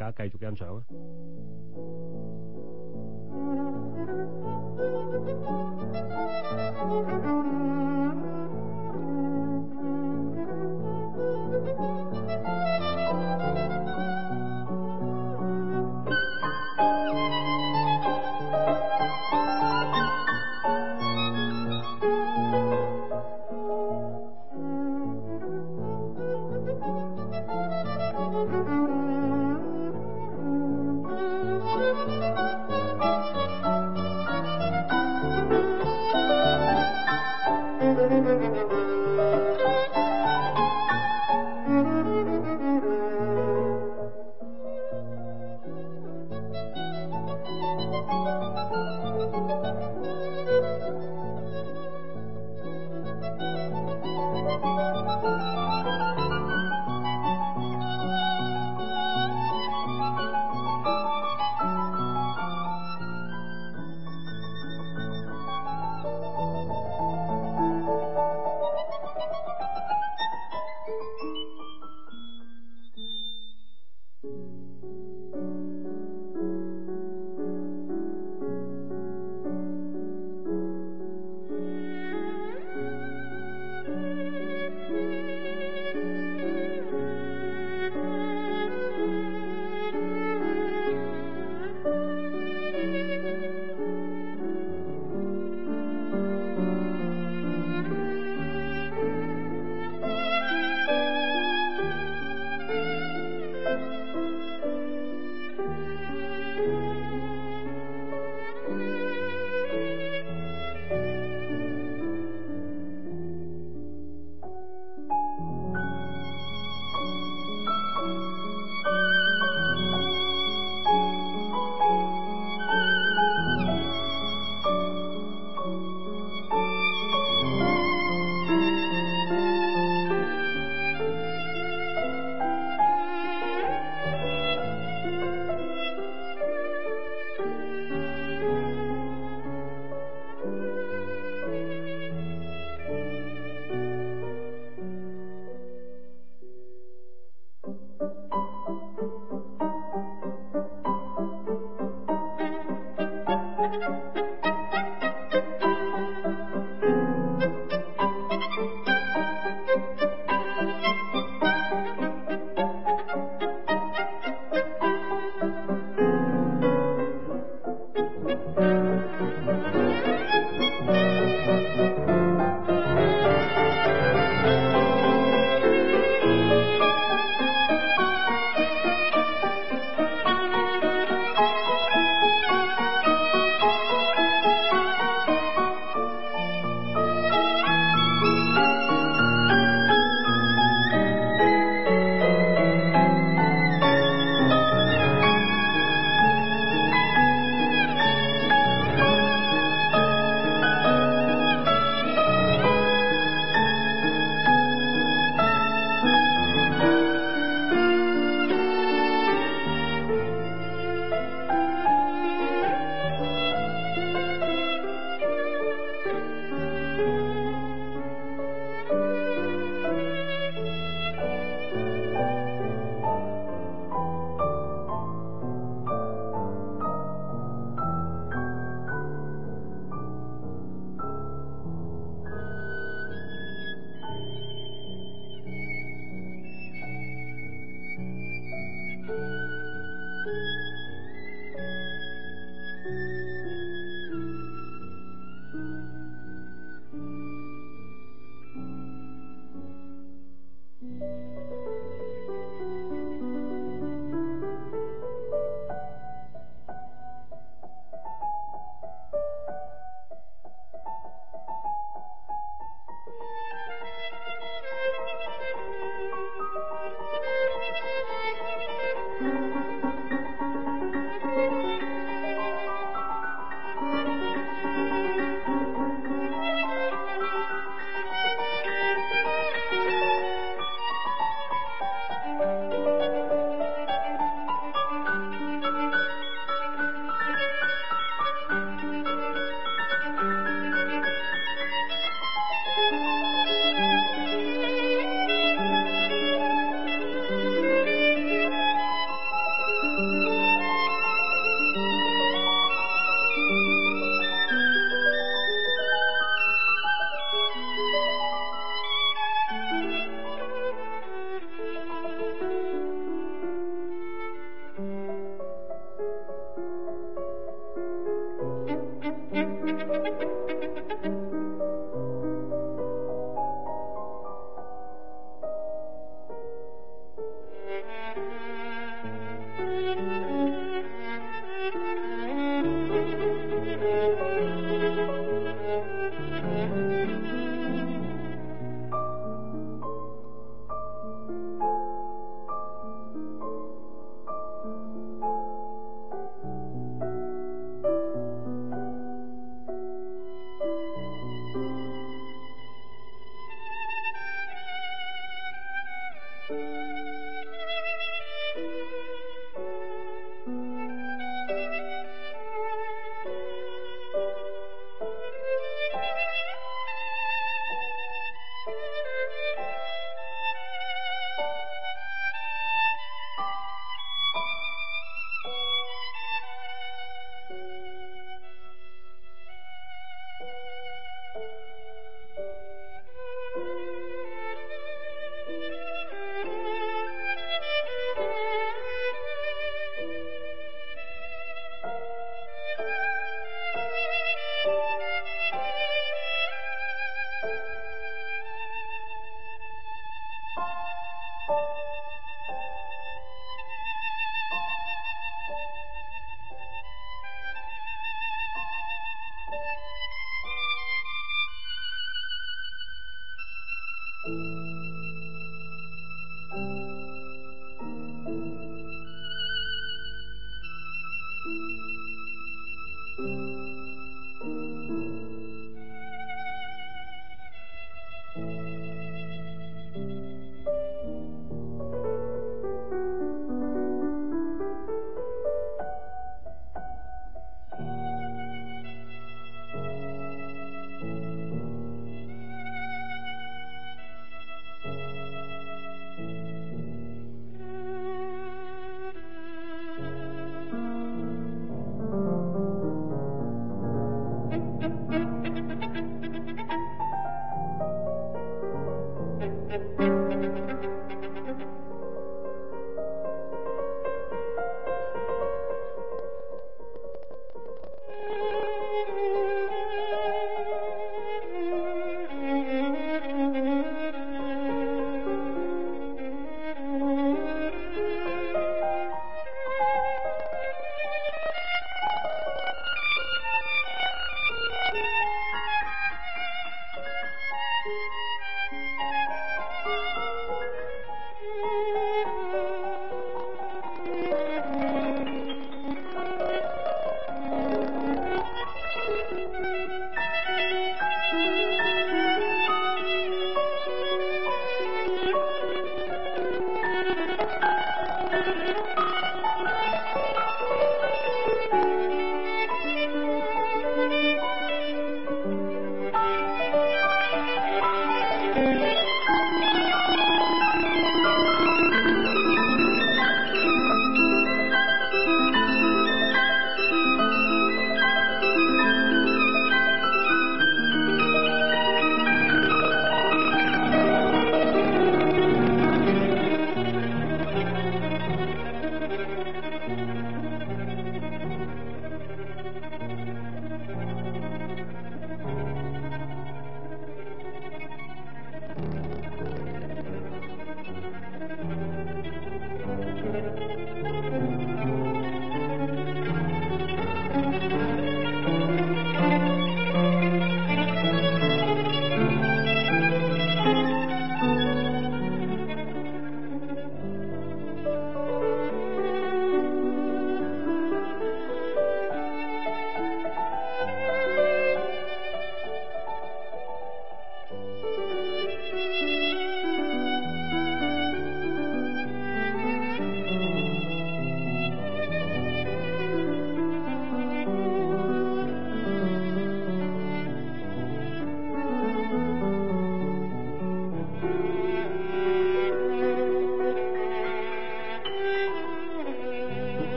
大家繼續欣賞啊！